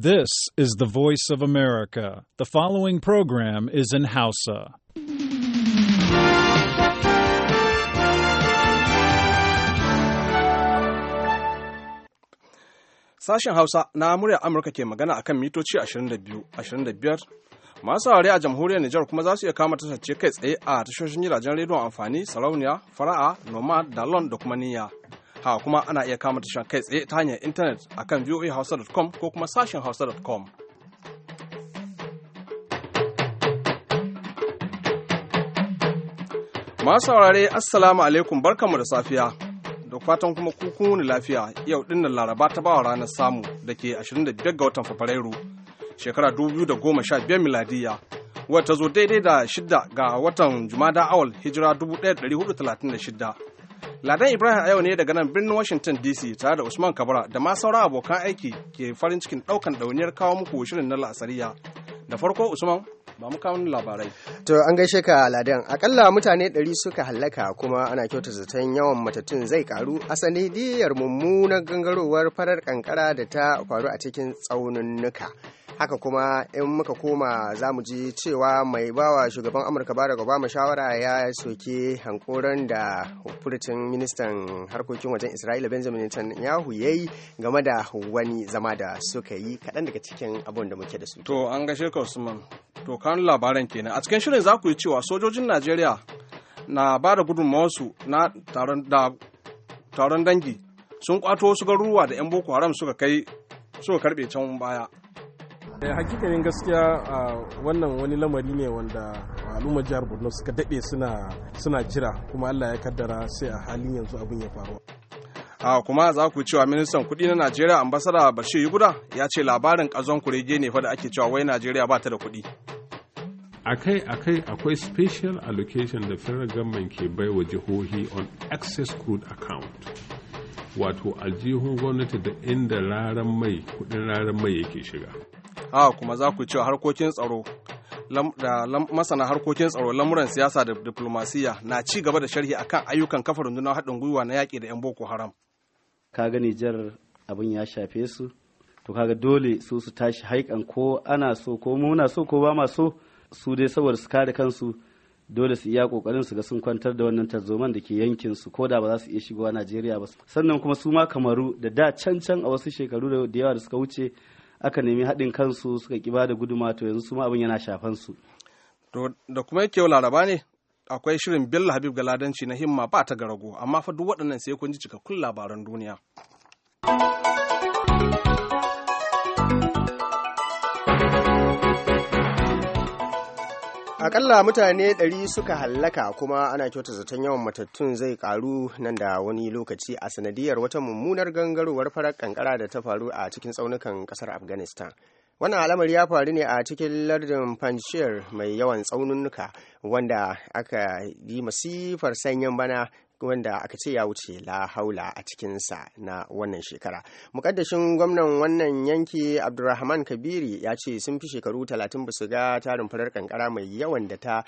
This is the voice of America. The following program is in Hausa. Sashen Hausa na murya Amurka ke magana akan mitoci 22, 25. Masu saurare a jamhuriyar Nijar kuma za su iya kama tashar kai tsaye a tashoshin gidajen rediyon amfani, sarauniya, fara'a, nomad, dalon da kuma niyya. Ha kuma ana iya kama tashan kai tsaye ta hanyar intanet a akan voahausa.com ko kuma sashen hausa.com. Masu saurare Assalamu alaikum barkanmu da safiya da fatan kuma kukuni lafiya yau dinnan laraba ta bawa ranar samu da ke 25 ga watan Fabrairu shekara 2015 miladiya wata zo daidai da shidda ga watan Jumada Awal hijira 1436 Ladan Ibrahim a yau ne daga nan birnin Washington DC tare da Usman Kabara da ma sauran abokan aiki ke farin cikin ɗaukan ɗauniyar kawo muku shirin na la'asariya. Da farko Usman ba mu kawo labarai. To an gaishe ka Ladan akalla mutane ɗari suka hallaka kuma ana kyauta zaton yawan matattun zai karu sanidiyar mummunar gangarowar farar kankara da ta faru a cikin tsaununnuka. haka kuma in muka koma za mu ji cewa mai bawa shugaban amurka barack obama shawara ya soke hankoron da furucin ministan harkokin wajen isra'ila benjamin netanyahu ya yi game da wani zama da suka yi kaɗan daga cikin abin da muke da su to an gashe ka usman to kan labaran kenan a cikin shirin za ku yi cewa sojojin najeriya na ba da gudunmawarsu na taron dangi sun kwato wasu garuruwa da 'yan boko haram suka kai suka karbe can baya Eh, hakikanin gaskiya wannan wani lamari ne wanda al'ummar jihar borno suka daɗe suna jira kuma allah ya kaddara sai a halin yanzu abin ya faru a kuma za ku cewa ministan kudi na najeriya ambasada bashir yuguda ya ce labarin kazon kurege ne fa da ake cewa wai najeriya ba ta da kudi akai akai akwai special allocation da federal government ke bai wa jihohi on excess crude account wato aljihun gwamnati da inda raran mai kudin raran mai yake shiga haka ah, kuma za ku cewa harkokin tsaro da masana harkokin tsaro lamuran siyasa da diplomasiya na ci gaba da sharhi akan ayyukan kafa rundunar haɗin gwiwa na yaƙi da 'yan boko haram ka ga nijar abin ya shafe su to kaga dole su su tashi haikan ko ana so ko muna so ko ba ma so su dai saboda su kare kansu dole su iya kokarin su ga sun kwantar da wannan tarzoman da ke yankin su ko da ba za su iya shigowa Najeriya ba sannan kuma su ma kamaru da da cancan a wasu shekaru da yawa da suka wuce aka nemi haɗin kansu suka ki da guduma to yanzu su ma abin yana shafan su to da kuma yake yau laraba ne akwai shirin bello habib galadanci na himma ba ta garago amma fa duk waɗannan sai kun ji cikakkun labaran duniya akalla mutane 100 suka hallaka kuma ana kyauta zaton yawan matattun zai ƙaru nan da wani lokaci a sanadiyar wata mummunar gangarowar farar kankara da ta faru a cikin tsaunukan ƙasar afghanistan wannan alamar ya faru ne a cikin lardin panjshir mai yawan tsaunuka wanda aka yi masifar sanyin bana wanda aka ce ya wuce la haula a cikinsa na wannan shekara mukaddashin gwamnan wannan yanki abdulrahman kabiri ya ce sun fi shekaru talatin ba su ga tarin farar kankara mai yawan da ta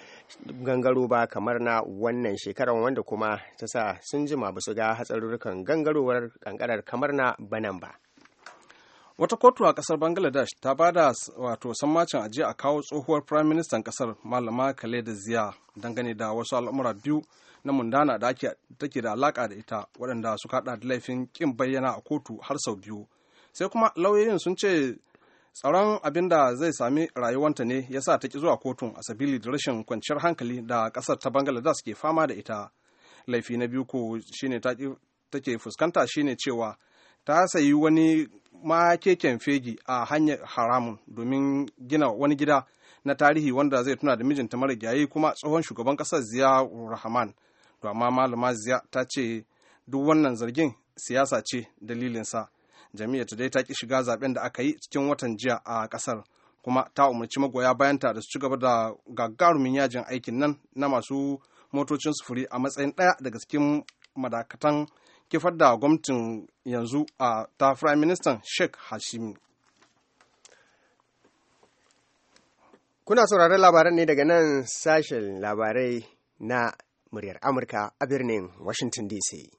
gangaro ba kamar na wannan shekarar wanda kuma ta sa sun jima ba su ga hatsarurrukan gangarowar kankarar kamar na banan ba wata kotu a kasar bangladesh ta ba da wato sammacin ajiya a kawo tsohuwar firayim ministan kasar malama da ziya dangane da wasu al'amura biyu na mundana da take da alaka da ita waɗanda suka haɗa da laifin kin bayyana a kotu har sau biyu sai kuma lauyoyin sun ce tsaron abin da zai sami rayuwanta ne ya sa ta ki zuwa kotun a sabili da rashin kwanciyar hankali da ƙasar ta bangaladesh ke fama da ita laifi na biyu ko shine take fuskanta shine cewa ta sayi wani ma keken fegi a hanyar haramun domin gina wani gida na tarihi wanda zai tuna da mijinta mara gyaye kuma tsohon shugaban ƙasar ziya rahman to amma malama ziya ta ce duk wannan zargin siyasa ce dalilinsa sa ta dai ta ki shiga zaben da aka yi cikin watan jiya a kasar kuma ta umarci magoya bayanta da su ci gaba da gagarumin yajin aikin nan na masu motocin sufuri a matsayin ɗaya daga cikin madakatan kifar da gwamnatin yanzu a ta prime minister sheikh hashimi kuna sauraron labaran ne daga nan sashen labarai na muryar Amurka a birnin Washington DC.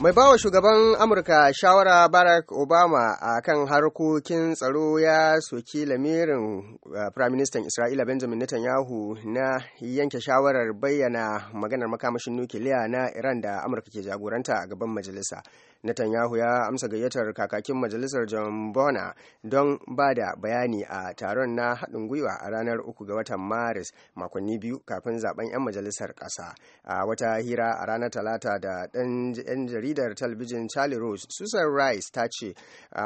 Mai bawa shugaban Amurka shawara Barack Obama a kan harkokin tsaro ya soki lamirin Firaministan eh, Isra'ila Benjamin Netanyahu na yanke shawarar bayyana maganar makamashin nukiliya na Iran da Amurka ke jagoranta a gaban majalisa. Netanyahu ya amsa gayyatar kakakin majalisar John Bona don ba da bayani a taron na haɗin gwiwa a ranar uku ga watan Maris makonni biyu kafin zaben 'yan majalisar ƙasa. A wata hira a ranar Talata da ɗan jaridar talabijin Charlie Rose, Susan Rice ta ce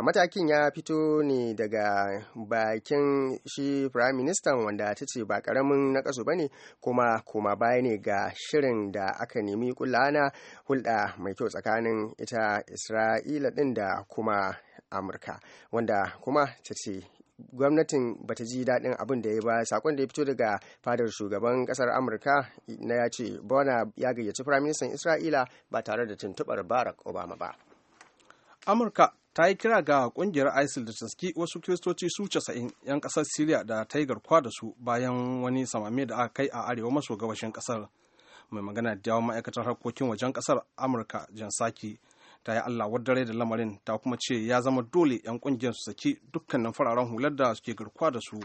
matakin ya fito ne daga bakin shi Prime Minister wanda ta ce ba ƙaramin na ƙasu ba ne kuma kuma baya ne ga shirin da aka nemi kulana hulɗa mai kyau tsakanin ita isra'ila ɗin da kuma amurka wanda kuma ta ce gwamnatin bata ji daɗin abin da ya ba sakon da ya fito daga fadar shugaban ƙasar amurka na ya ce bona ya gayyaci firaministan isra'ila ba tare da tuntuɓar barack obama ba amurka ta yi kira ga ƙungiyar isil da taski wasu kiristoci su casa'in 'yan ƙasar siriya da ta yi garkuwa da su bayan wani samame da aka kai a arewa maso gabashin ƙasar mai magana da yawon ma'aikatar harkokin wajen ƙasar amurka jan saki ta yi Allah wadare da lamarin ta kuma ce ya zama dole 'yan kungiyar su saki dukkanin fararen hular da suke garkuwa da su.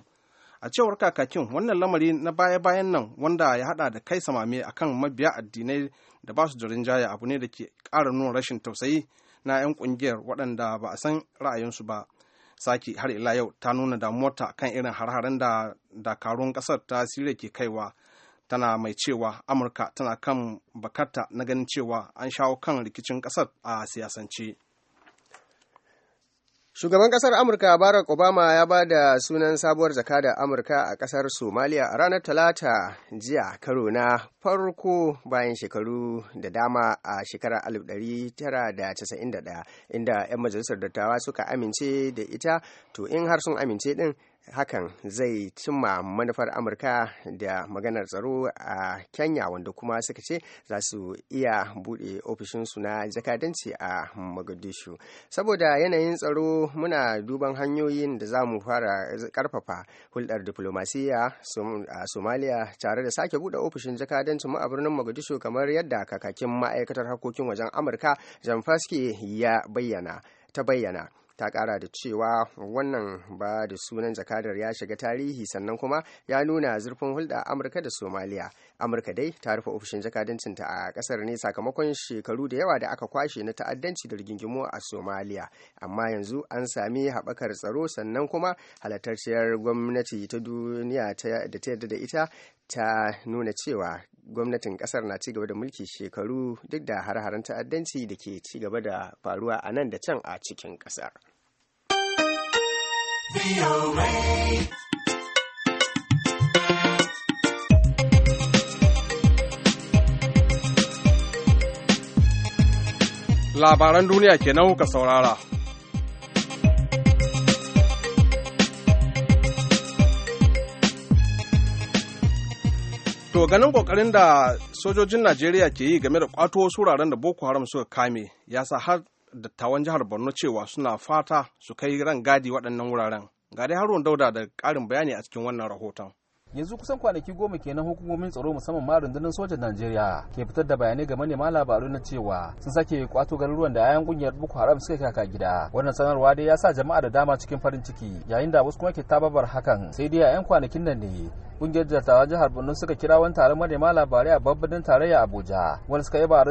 A cewar kakakin wannan lamari na baya-bayan nan wanda ya hada da kai samame akan mabiya addinai da ba su da rinjaya abu ne da ke ƙara nuna rashin tausayi na 'yan kungiyar waɗanda ba a san ra'ayinsu ba. Saki har ila yau ta nuna damuwarta kan irin har-haren da dakarun ƙasar ta Siriya ke kaiwa tana mai cewa amurka tana kan bakarta na ganin cewa an shawo kan rikicin kasar a siyasance shugaban kasar amurka barack obama ya ba da sunan sabuwar da amurka a kasar somaliya a ranar talata jiya karo na farko bayan shekaru da dama a shekarar 1991 inda 'yan majalisar dattawa suka amince da ita to in har sun amince din hakan zai cimma manufar amurka da maganar tsaro a kenya wanda kuma suka ce za su iya buɗe ofishinsu na jakadanci a mogadishu saboda yanayin tsaro muna duban hanyoyin da za mu fara karfafa hulɗar diplomasiya a somalia tare da sake buɗe ofishin jakadancin mu a birnin mogadishu kamar yadda kakakin ma'aikatar harkokin wajen amurka jamfaski ya bayyana ta bayyana ta kara da cewa wannan ba da sunan jakadar ya shiga tarihi sannan kuma ya nuna zurfin hulɗa amurka da somaliya amurka dai ta rufe ofishin jakadancinta a kasar ne sakamakon shekaru da yawa da aka kwashe na ta'addanci da rigingimu a somaliya amma yanzu an sami haɓakar tsaro sannan kuma halartacciyar gwamnati ta duniya da ta yarda da ita ta nuna cewa gwamnatin kasar na cigaba da mulki shekaru duk da har-haren ta'addanci da ke cigaba da faruwa a nan da can a cikin kasar. labaran duniya kenan kuka saurara. To ganin kokarin da sojojin Najeriya ke yi game da kwato wasu wuraren da Boko Haram suka kame ya sa har dattawan jihar Borno cewa suna fata su kai ran gadi waɗannan wuraren. gadi har Dauda da ƙarin bayani a cikin wannan rahoton. yanzu kusan kwanaki goma kenan hukumomin tsaro musamman ma rundunar sojan najeriya ke fitar da bayanai ga manema labaru na cewa sun sake kwato garuruwan da yayan kungiyar boko haram suka kaka gida wannan sanarwa dai ya sa jama'a da dama cikin farin ciki yayin da wasu kuma ke tababar hakan sai dai yayan kwanakin nan ne kungiyar jartawa jihar borno suka kira wani taron manema labarai a babban tarayya abuja wanda suka yi ba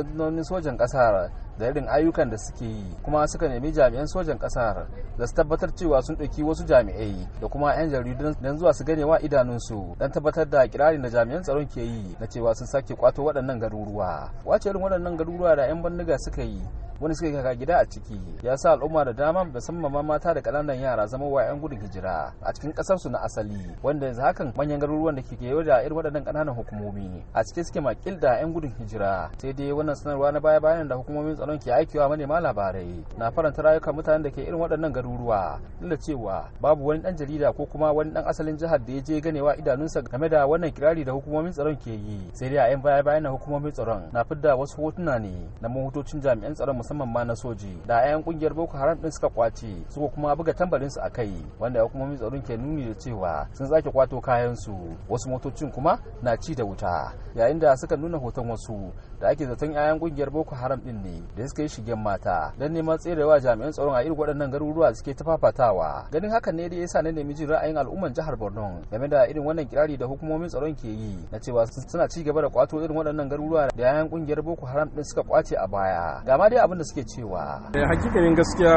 sojan kasar da irin ayyukan da suke yi kuma suka nemi jami'an sojan kasar da su tabbatar cewa sun ɗauki wasu jami'ai da kuma 'yan jaridu don zuwa su ganewa idanunsu don tabbatar da kirarin da jami'an tsaron ke yi na cewa sun sake kwato waɗannan garuruwa wace irin waɗannan garuruwa da 'yan bandiga suka yi wani suka kaka gida a ciki ya sa al'umma da dama musamman ma mata da kananan yara zama wa 'yan gudun hijira a cikin kasarsu na asali wanda yanzu hakan manyan garuruwan da ke kewaye da irin waɗannan kananan hukumomi a cikin suke makil da 'yan gudun hijira sai dai wannan sanarwa na baya bayan da hukumomin tsaron ke aikewa manema labarai na faranta rayukan mutanen da ke irin waɗannan garuruwa inda cewa babu wani ɗan jarida ko kuma wani ɗan asalin jihar da ya je ganewa idanunsa game da wannan kirari da hukumomin tsaron ke yi sai dai a yan baya bayan na hukumomin tsaron na fidda wasu hotuna ne na mahutocin jami'an tsaron musamman ma na soji da 'yan kungiyar boko haram din suka kwace suka kuma buga tambarin su akai wanda hukumomin tsaron ke nuni da cewa sun sake kwato kayan su wasu motocin kuma na ci da wuta yayin da suka nuna hoton wasu da ake zaton 'ya'yan kungiyar boko haram din ne da suka yi shigen mata don neman tserewa jami'an tsaron a irin waɗannan garuruwa suke ta fafatawa ganin hakan ne da ya sa na nemi jin ra'ayin al'umman jihar borno game da irin wannan kirari da hukumomin tsaron ke yi na cewa suna ci gaba da kwato irin waɗannan garuruwa da 'ya'yan kungiyar boko haram din suka kwace a baya ga ma dai abin da suke cewa eh, hakikanin gaskiya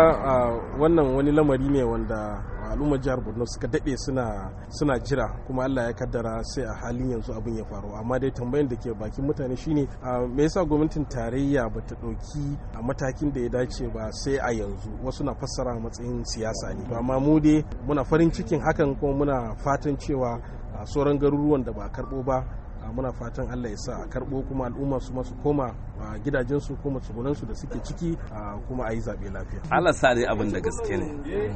wannan wani lamari ne wanda al'ummar jihar borno suka daɗe suna suna jira kuma allah ya kaddara sai a halin yanzu abin ya faru amma dai tambayin da ke bakin mutane shine me yasa gwamnatin tarayya ba ta ɗauki a matakin da ya dace ba sai a yanzu wasu na fassara matsayin siyasa ne amma mu dai muna farin cikin hakan kuma muna fatan cewa sauran garuruwan da ba a karɓo ba muna fatan allah ya sa a karɓo kuma al'umma su masu koma gidajensu kuma tsugunansu da suke ciki kuma a yi zaɓe lafiya. Allah sa dai abin da gaske ne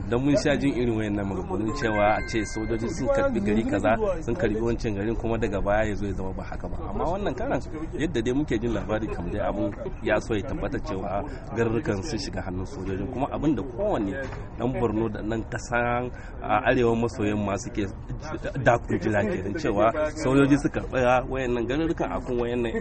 don mun sha jin irin wayannan maganganun cewa a ce sojoji sun karbi gari kaza sun karbi wancan garin kuma daga baya ya zo ya zama ba haka ba amma wannan karan yadda dai muke jin labari kam dai abun ya so ya tabbata cewa garurrukan sun shiga hannun sojojin kuma abin da kowanne dan borno da nan kasan arewa maso yamma suke dakun jira kenan cewa sojoji suka tsaya a garurrukan wayan nan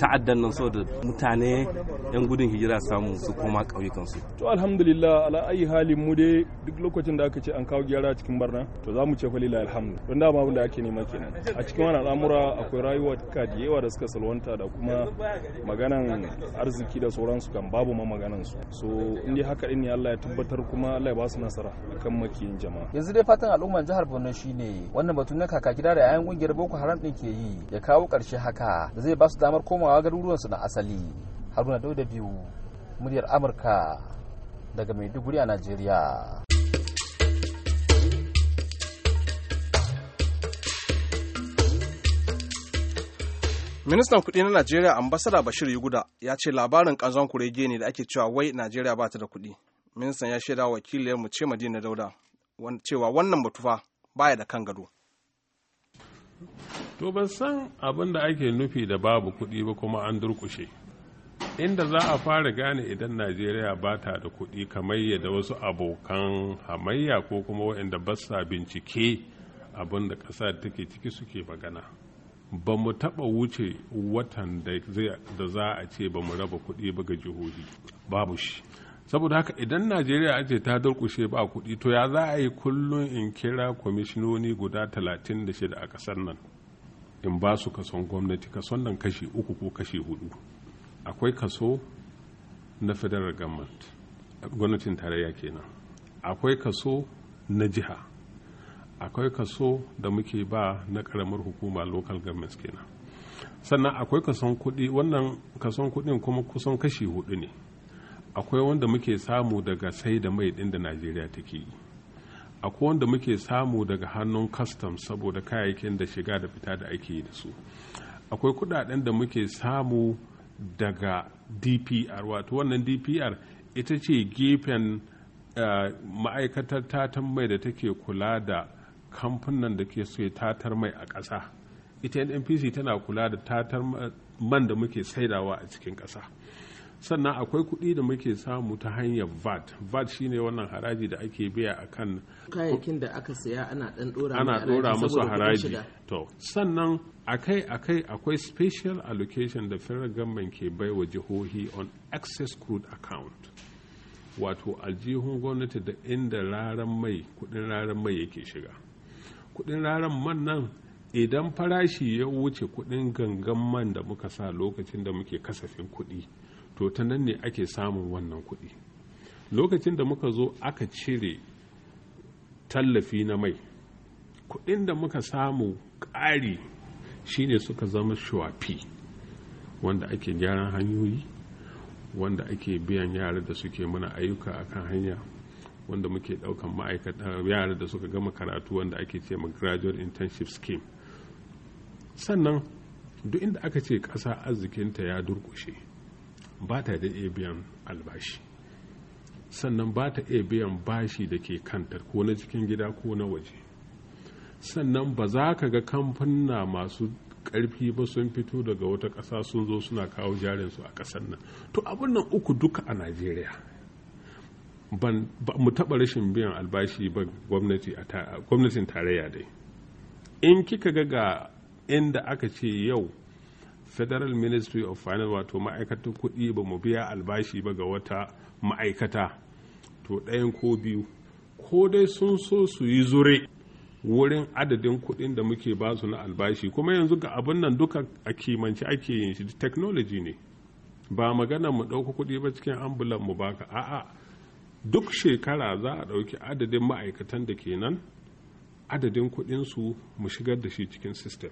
ta'addan nan so da mutane 'yan gudun hijira samu su koma ƙauyukansu. To alhamdulillah ala ayi halin mu dai duk lokacin da aka ce an kawo gyara cikin barna to za mu ce fa lillahi alhamdu don dama abin da ake nema kenan. A cikin wannan al'amura akwai rayuwa ka da yawa da suka salwanta da kuma maganan arziki da sauransu kan babu ma maganan su. So in dai haka din ne Allah ya tabbatar kuma Allah ya ba su nasara akan makiyin jama'a. Yanzu dai fatan al'ummar jihar Borno shine wannan batun na kaka gida da 'ya'yan kungiyar Boko Haram din ke yi ya kawo ƙarshe haka da zai ba su damar komawa garuruwansu na asali. asali haruna dauda biyu muryar amurka daga maiduguri a najeriya ministan kuɗi na najeriya ambasada bashir yuguda ya ce labarin kanzon kurege ne da ake cewa wai najeriya ba ta da kuɗi ministan ya shaida mu ce madina dauda cewa wannan batufa baya da kan gado to ban san abin da ake nufi da babu kuɗi ba kuma an durkushe inda za a fara gane idan najeriya ba ta da kuɗi kamar yadda wasu abokan hamayya ko kuma waɗanda ba sa bincike abin da ƙasa take ciki suke magana ba mu taɓa wuce watan da za a ce ba mu raba kuɗi ba ga jihohi babu shi saboda haka idan najeriya ace ta durkushe ba kuɗi to ya za a yi kullum in kira kwamishinoni guda talatin da shida a ƙasar nan in ba su kason gwamnati kason nan kashi uku ko kashi hudu akwai kaso na federal government gwamnatin tarayya kenan akwai kaso na jiha akwai kaso da muke ba na karamar hukuma local governments kenan sannan akwai kason kudi wannan kason kudin kuma kusan kashi hudu ne akwai wanda muke samu daga sai da mai din da najeriya take yi akwai wanda muke samu daga hannun kastam saboda kayayyakin da shiga da fita da ake yi da su akwai kudaden da muke samu daga dpr wato wannan dpr ita ce gefen eh, ma'aikatar tatar mai da take kula da kamfanin da ke so tatar mai a ƙasa ita npc tana kula da tatar eh, man da muke saidawa a cikin ƙasa sannan akwai kuɗi da muke samu ta hanyar vat vat shine wannan haraji da ake biya a kan kayayyakin da aka saya ana ɗan ɗora ana ɗora musu haraji to sannan akai akai akwai special allocation da federal government ke bai wa jihohi on excess crude account wato aljihun gwamnati da inda raran mai kuɗin raran mai yake shiga kuɗin raran man nan idan farashi ya wuce kuɗin gangan man da muka sa lokacin da muke kasafin kuɗi to ta nan ne ake samun wannan kuɗi lokacin da muka zo aka cire tallafi na mai kuɗin da muka samu ƙari shine suka zama shuwafi wanda ake gyaran hanyoyi wanda ake biyan yara da suke mana ayyuka akan hanya wanda muke ɗaukan ma'aikata yara da suka gama karatu wanda ake ce ma graduate internship scheme sannan duk inda aka ce ƙasa arzikinta ya durƙushe ba ta da iya biyan albashi sannan ba ta iya biyan bashi da ke kanta ko na cikin gida ko na waje sannan ba za ka ga kamfanna masu ƙarfi ba sun fito daga wata ƙasa sun zo suna kawo jarinsu a ƙasar nan to abin nan uku duka a najeriya ban mu taɓa rashin biyan albashi ba gwamnati, gwamnatin tarayya dai in kika ga ga inda aka ce yau federal ministry of finance wato ma'aikatar kuɗi ba mu biya albashi ba ga wata ma'aikata to ɗayan ko biyu ko dai sun so su yi zure wurin adadin kuɗin da muke ba su na albashi kuma yanzu ga abin nan duka a kimanci ake yin shi technology ne ba magana mu ɗauka kuɗi ba cikin ambulan mu baka a'a duk shekara za a ɗauki adadin ma'aikatan da kenan adadin kuɗinsu mu shigar da shi cikin system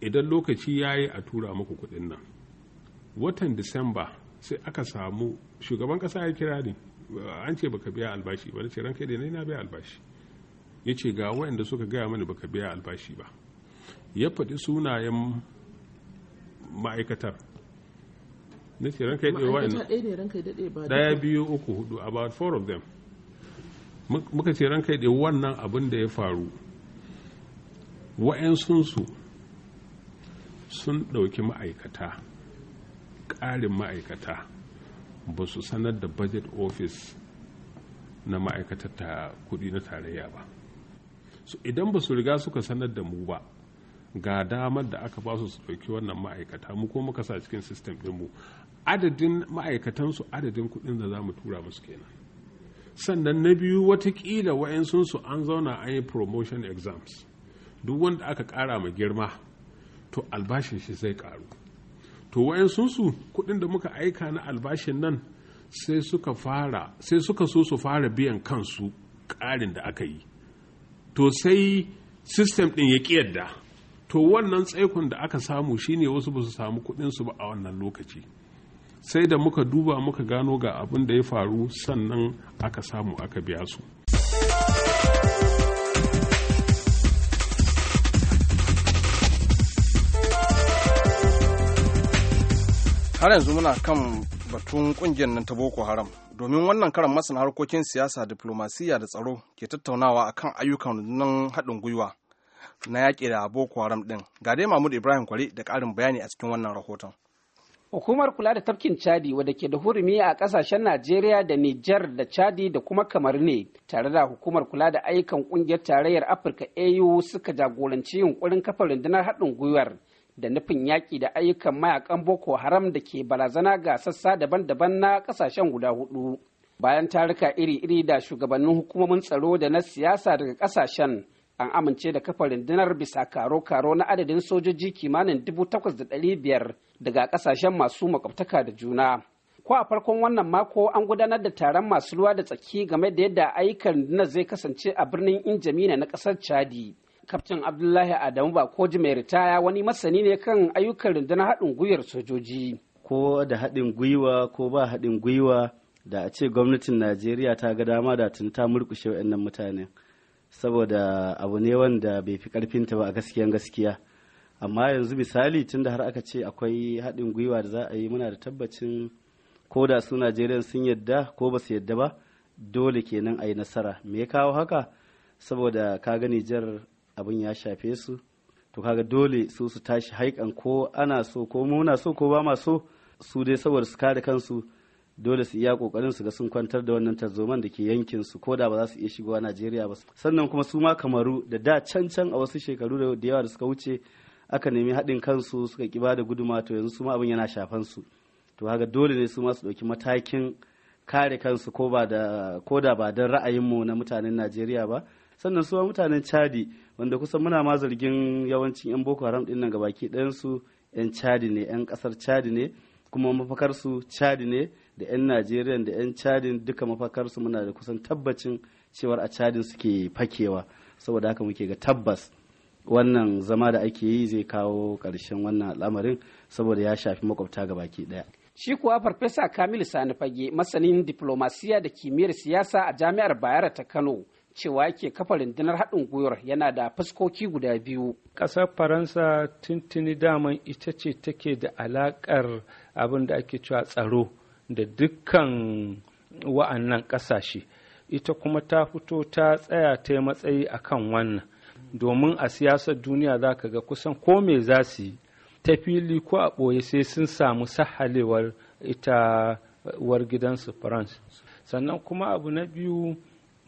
idan lokaci ya yi a tura muku kuɗin nan watan disamba sai aka samu shugaban ƙasa ya kira ni an ce baka biya albashi ba ce ranka dai na biya albashi ya ce ga waɗanda suka gaya mani baka biya albashi ba ya faɗi sunayen ma'aikatar na ce ranka daɗe waɗanda daya biyu uku hudu about four of them muka ce ranka daɗe wannan abin da ya faru wa'yansunsu sun ɗauki ma'aikata ƙarin ma'aikata ba su sanar da budget office na ma'aikatar ta kudi na tarayya ba so idan ba su riga suka sanar da mu ba ga damar da aka ba su su ɗauki wannan ma'aikata mu ko muka sa cikin sistem mu adadin ma'aikatansu adadin kuɗin da za mu tura musu kenan sannan na biyu watakila su an zauna an yi promotion exams duk wanda aka ƙara ma girma to albashin shi zai karu to su kuɗin da muka aika na albashin nan sai suka fara sai suka so su fara biyan kansu ƙarin da aka yi to sai system ɗin ya kiyarda to wannan tsaikon da aka samu shine wasu ba su samu su ba a wannan lokaci sai da muka duba muka gano ga abin da ya faru sannan aka samu aka biya su. har yanzu muna kan batun kungiyar nan ta boko haram domin wannan karan masana harkokin siyasa diplomasiya da tsaro ke tattaunawa akan ayyukan nan haɗin gwiwa na yaƙi da boko haram ɗin ga dai mahmud ibrahim kwari da ƙarin bayani a cikin wannan rahoton Hukumar kula da tafkin Chadi wadda ke da hurumi a kasashen Najeriya da Nijar da Chadi da kuma kamar ne tare da hukumar kula da ayyukan ƙungiyar tarayyar Afirka AU suka jagoranci yunkurin kafa rundunar haɗin gwiwar da nufin yaƙi da ayyukan mayakan boko haram da ke barazana ga sassa daban-daban na ƙasashen guda hudu bayan taruka iri-iri da shugabannin hukumomin tsaro da na siyasa daga ƙasashen an amince da kafa rundunar bisa karo-karo na adadin sojoji kimanin dubu takwas da ɗari biyar daga ƙasashen masu makwabtaka da juna ko a farkon wannan mako an gudanar da taron masu ruwa da tsaki game da yadda ayyukan rundunar zai kasance a birnin injamina na ƙasar chadi Kaftin Abdullahi Adamu ba ko mai ritaya wani masani ne kan ayyukan rundunar haɗin gwiwar sojoji. Ko da haɗin gwiwa ko ba haɗin gwiwa da a ce gwamnatin Najeriya ta ga dama da tun ta murkushe waɗannan mutane. Saboda abu ne wanda bai fi ƙarfinta ba a gaskiyan gaskiya. Amma yanzu misali tun da har aka ce akwai haɗin gwiwa da za a yi muna da tabbacin ko da su Najeriya sun yadda ko ba su yadda ba dole kenan a yi nasara. Me ya kawo haka? saboda ka ga Nijar abin ya shafe su to kaga dole su su tashi haikan ko ana so ko muna so ko ba ma so su dai saboda su kare kansu dole su iya kokarin su ga sun kwantar da wannan tarzoman da ke yankin su ko da ba za su iya shigowa Najeriya ba sannan kuma su ma kamaru da da can can a wasu shekaru da yawa da suka wuce aka nemi haɗin kansu suka ki da guduma to yanzu su ma abin yana shafan su to kaga dole ne su ma su ɗauki matakin kare kansu ko ba da ko da ba don mu na mutanen Najeriya ba sannan suwa mutanen chadi wanda kusan muna ma zargin yawancin 'yan boko haram ga nan gabaki ɗayansu 'yan chadi ne 'yan kasar chadi ne kuma mafakar su chadi ne da 'yan najeriya da 'yan chadi duka mafakar su muna da kusan tabbacin cewar a chadin suke fakewa saboda haka muke ga tabbas wannan zama da ake yi zai kawo karshen wannan al'amarin saboda ya shafi makwabta gabaki ɗaya Shi kuwa Farfesa kamilu Sani Fage masanin diplomasiya da kimiyyar siyasa a Jami'ar Bayero ta Kano cewa yake kafa rundunar haɗin gwiwar yana da fuskoki guda biyu. Ƙasar Faransa tuntuni dama ita ce take da alaƙar abin da ake cewa tsaro da dukkan wa'annan ƙasashe. Ita kuma ta fito ta tsaya ta matsayi a kan wannan. Domin a siyasar duniya za ka ga kusan ko me za su yi, ta fili ko a ɓoye sai sun samu sahalewar ita war gidansu France. Sannan kuma abu na biyu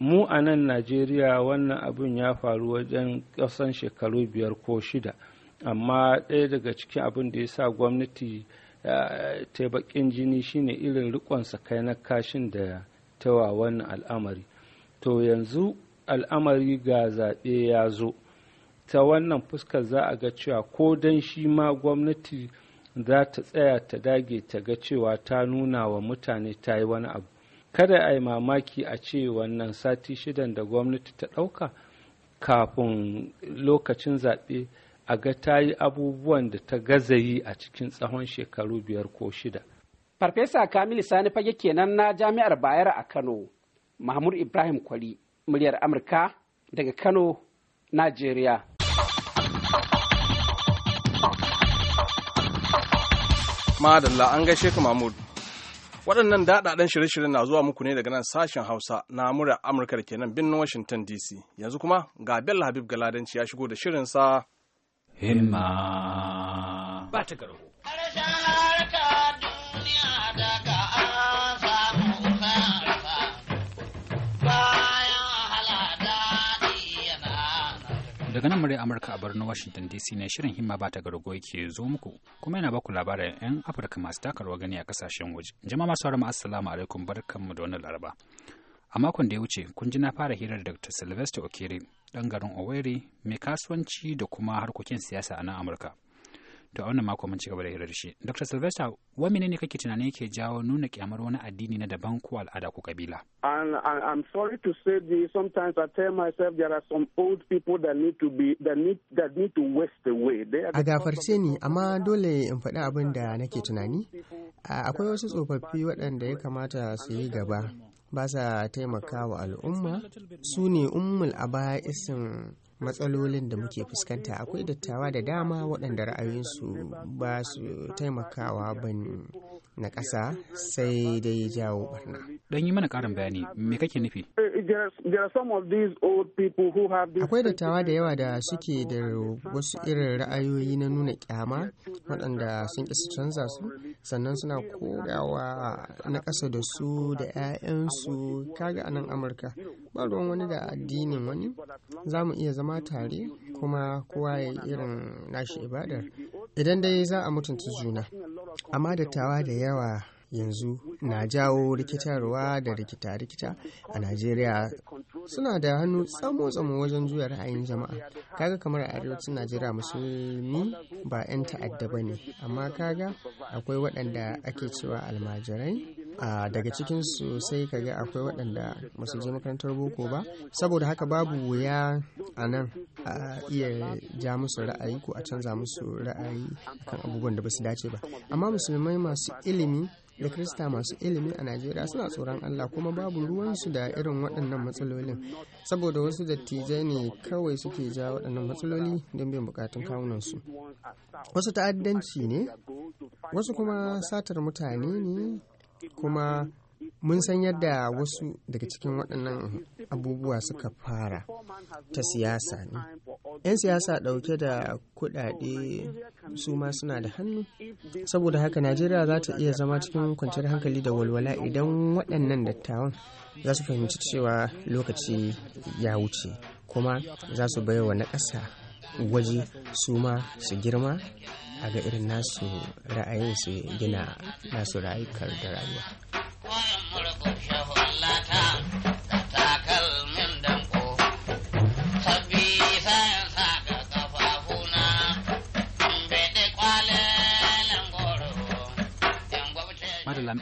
mu a nan najeriya wannan abin ya faru wajen kasan shekaru biyar ko shida amma ɗaya daga cikin abin da ya sa gwamnati ta bakin jini shine irin rikon kai na kashin da tawa wannan al'amari to yanzu al'amari ga zaɓe ya zo ta wannan fuskar za a ga cewa ko don shi ma gwamnati za ta tsaya ta dage ta ga cewa ta nuna wa mutane ta yi wani abu kada a yi mamaki a ce wannan sati shidan da gwamnati ta ɗauka kafin lokacin zaɓe a ga ta yi abubuwan da ta gaza yi a cikin tsawon shekaru biyar ko shida. Farfesa Kamilu Sani fage kenan na Jami'ar Bayero a Kano, Mahmud Ibrahim Kwali, muryar Amurka daga Kano, Najeriya. Madalla an gaishe ka Mahmud. waɗannan daɗaɗen shirye-shiryen na zuwa muku ne daga nan sashen hausa na murya amurka da kenan birnin washington dc yanzu kuma ga bello habib galadanci ya shigo da shirinsa himma ba ta daga nan murya amurka a birnin washington dc ne shirin himma ba ta gargo yake zo muku kuma yana baku labarin yan afirka masu takarwa gani a kasashen waje jama masu haramu assalamu alaikum barkanmu da wannan laraba a makon da ya wuce kun ji na fara hirar da dr sylvester okere dan garin oweri mai kasuwanci da kuma harkokin siyasa a nan amurka to a wannan mako mun ci gaba da hirar shi dr sylvester wa ne kake tunanin yake jawo nuna kyamar wani addini na daban ko al'ada ko kabila and i'm sorry to say this sometimes i tell myself there are some old people that need to be that need that need to waste away a gafarce ni amma dole in faɗi abin da nake tunani akwai wasu tsofaffi waɗanda ya kamata su yi gaba ba sa taimaka wa al'umma su ne ummul a baya isin. matsalolin da muke fuskanta akwai dattawa da dama waɗanda ra'ayinsu ba su taimakawa ba na ƙasa sai dai jawo barna. Don yi mana ƙarin bayani, me kake nufi? Akwai dattawa da yawa da suke da wasu irin ra'ayoyi na nuna kyama waɗanda sun ƙi canza su, sannan suna kogawa na ƙasa da su da 'ya'yansu kaga a nan Amurka. Ba ruwan wani da addinin wani, za mu iya zama zama tare kuma kowa ya irin nashi ibadar idan dai za a mutunta juna amma dattawa da yawa yanzu na jawo rikitarwa da rikita-rikita a najeriya suna da hannu tsamo-tsamo wajen juya ra'ayin jama'a kaga kamar a arewacin najeriya musulmi ba 'yan ta'adda ba ne amma kaga akwai waɗanda ake cewa almajirai a daga cikin su sai ka ga akwai waɗanda masu je makarantar boko ba saboda haka babu wuya a nan a iya ja musu ra'ayi ko a canza musu ra'ayi kan abubuwan da basu dace ba amma musulmai masu ilimi da krista masu ilimi a najeriya suna tsoron allah kuma babu ruwansu da irin waɗannan matsalolin saboda wasu dattijai ne kawai suke ja waɗannan matsaloli don biyan bukatun kawunansu wasu ta'addanci ne wasu kuma satar mutane ne kuma mun san yadda wasu daga cikin waɗannan abubuwa suka fara ta siyasa ne 'yan siyasa ɗauke da kuɗaɗe su ma suna da hannu saboda haka najeriya za ta iya zama cikin kwanciyar hankali da walwala idan waɗannan dattawan za su fahimci cewa lokaci ya wuce kuma za su baiwa na ƙasa waje su ma su girma a ga irin nasu ra'ayin su gina nasu ra'ayikar da rayuwa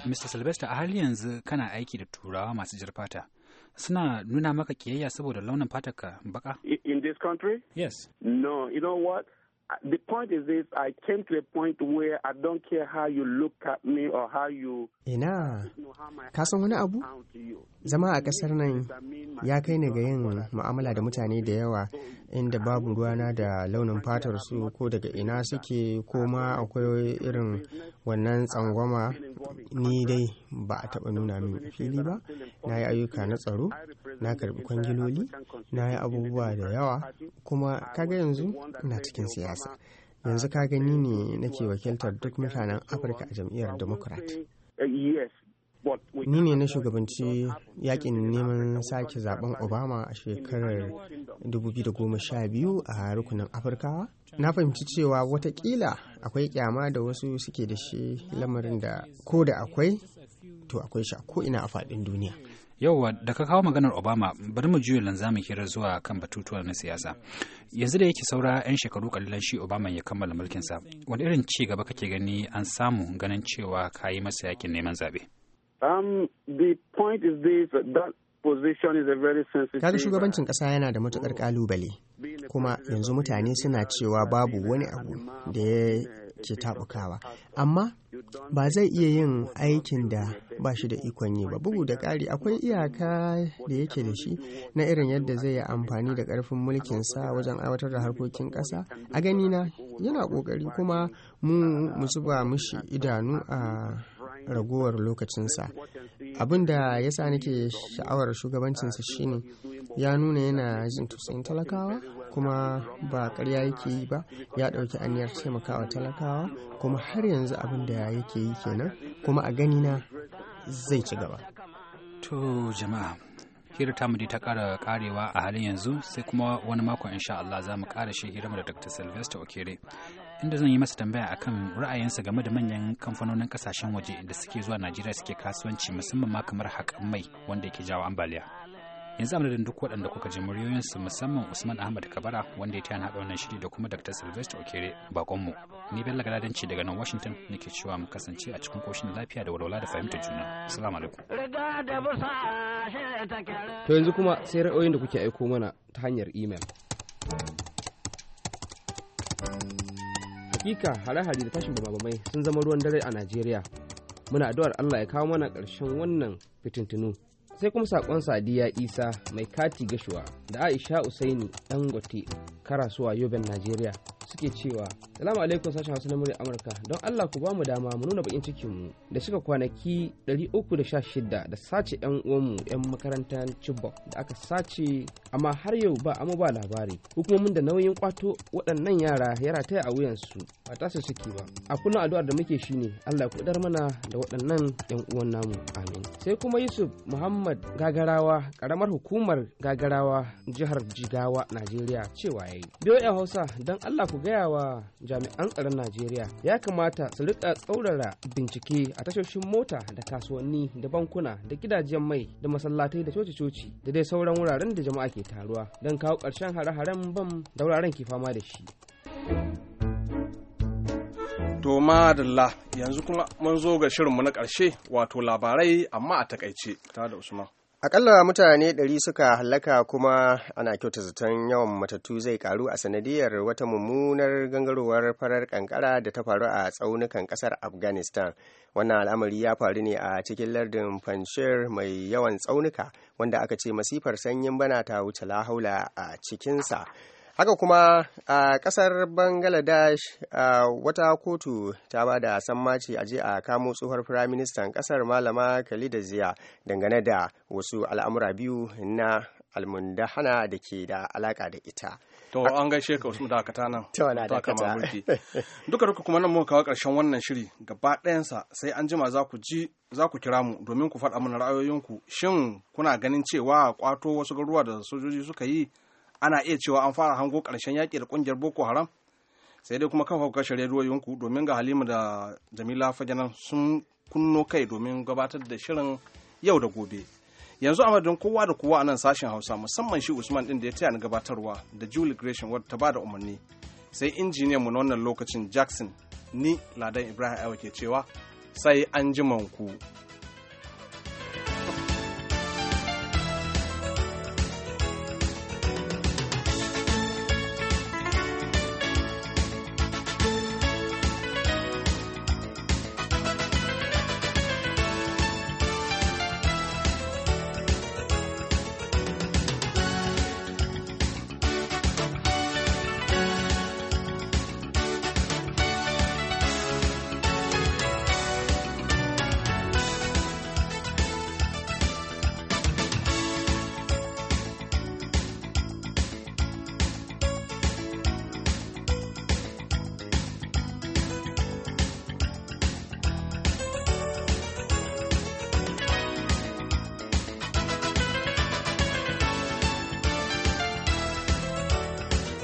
Mr. Sylvester, a hali yanzu kana aiki da turawa masu jirfata. suna nuna maka kiyayya saboda launin fatarka baka? In this country? Yes. No, you know what? the point is this I came to a point where I don't care how you look at me or how you ina ka san wani abu zama a ƙasar nan ya kai ni ga yin mu'amala da mutane da yawa inda babu ruwana da launin fatar su ko daga ina suke ko ma akwai irin wannan tsangwama ni dai ba a taɓa nuna min fili ba na yi ayyuka na tsaro na karɓi kwangiloli na yi abubuwa da yawa kuma kaga yanzu ina cikin siyasa siyasa yanzu ka gani ne nake wakiltar duk mutanen afirka a jam'iyyar democrat ni ne na shugabanci yakin neman sake zaben obama a shekarar 2012 a rukunin afirkawa na fahimci cewa watakila akwai kyama da wasu suke da shi lamarin da ko da akwai to akwai shi a ko'ina a faɗin duniya yauwa da ka kawo maganar obama bari mu juya lanzamin hira zuwa kan batutuwa na siyasa yanzu da yake saura 'yan shekaru kallon shi obama ya kammala mulkinsa wani irin ci gaba kake gani an samu ganin cewa ka yi masa yakin neman zaɓe um, the Kaga uh, shugabancin ƙasa yana da matukar kalubale kuma yanzu mutane suna cewa babu wani abu da ya ke tabukawa amma ba zai iya yin aikin da ba shi da ikon yi ba bugu da ƙari akwai iyaka da yake da shi na irin yadda zai yi amfani da ƙarfin mulkin sa wajen aiwatar da harkokin ƙasa a ganina yana ƙoƙari kuma mu musu ba mushi idanu a raguwar lokacinsa abin da ya sa nake sha'awar shugabancinsa shine ya nuna yana jin tausayin talakawa kuma ba karya yake yi ba ya ɗauki aniyar taimakawa talakawa kuma har yanzu abin da yake yi kenan kuma a gani na zai ci gaba to jama'a hira ta mu ta ƙara karewa a halin yanzu sai kuma wani makon insha Allah za mu kara shi hira da Dr. Sylvester Okere inda zan yi masa tambaya akan ra'ayinsa game da manyan kamfanonin kasashen waje da suke zuwa najeriya suke kasuwanci musamman ma kamar haƙan mai wanda yake jawo ambaliya yanzu da duk waɗanda kuka ji muryoyinsu musamman usman ahmad kabara wanda ya taya haɗa wannan shiri da kuma dr sylvester okere bakonmu ni bella galadanci daga nan washington nake cewa mu kasance a cikin koshin lafiya da walwala da fahimtar juna assalamu alaikum to yanzu kuma sai ra'ayoyin da kuke aiko mana ta hanyar email hakika hare-hare da tashin bababai sun zama ruwan dare a najeriya muna addu'ar allah ya kawo mana ƙarshen wannan fitintunu. sai kuma sakon sadiya isa mai kati gashuwa da aisha usaini dangote karasuwa yoben najeriya suke cewa salamu alaikum sashen hausa na murya amurka don allah ku bamu dama mu nuna bakin cikin mu da cika kwanaki 316 da sace yan uwanmu yan makarantar chibok da aka sace amma har yau ba amma ba labari hukumomin da nauyin kwato waɗannan yara yara taya a wuyansu ba ta su suke ba a kullum addu'ar da muke ne. allah ku dar mana da waɗannan yan uwan namu amin sai kuma yusuf muhammad gagarawa karamar hukumar gagarawa jihar jigawa najeriya cewa yayi biyo hausa don allah ku ku gaya wa jami'an tsaron Najeriya ya kamata su rika tsaurara bincike a tashoshin mota da kasuwanni da bankuna da gidajen mai da masallatai da coci-coci da dai sauran wuraren da jama'a ke taruwa don kawo ƙarshen hare-haren bam da wuraren ke fama da shi. To madalla yanzu kuma mun zo ga shirinmu na ƙarshe wato labarai amma a takaice ta da Usman. akalla mutane ɗari suka halaka kuma ana kyauta zaton yawan matattu zai karu a sanadiyar wata mummunar gangarowar farar kankara da ta faru a tsaunukan ƙasar afghanistan wannan al'amari ya faru ne a cikin lardin panshir mai yawan tsaunuka wanda aka ce masifar sanyin bana ta wuce lahaula a cikinsa haka kuma a kasar bangladesh wata kotu ta ba da sammaci a je a kamo tsohuwar firaministan kasar malama khalida ziya dangane da wasu al'amura biyu na almundahana da ke da alaka da ita to an gaishe ka wasu dakata nan to na dakata duka duka kuma nan muka kawo karshen wannan shiri gaba ɗayansa sai an jima za ku ji za ku kira mu domin ku faɗa mana ra'ayoyinku shin kuna ganin cewa kwato wasu garuruwa da sojoji suka yi ana iya cewa an fara hango ƙarshen yaƙi da ƙungiyar boko haram sai dai kuma kafa kashe rediyoyinku domin ga halima da jamila fajanan sun kunno kai domin gabatar da shirin yau da gobe yanzu a madadin kowa da kowa a nan sashen hausa musamman shi usman din da ya taya ni gabatarwa da julie gresham wadda ta bada umarni sai injiniyan mu na wannan lokacin jackson ni ladan ibrahim aiwa ke cewa sai an ku.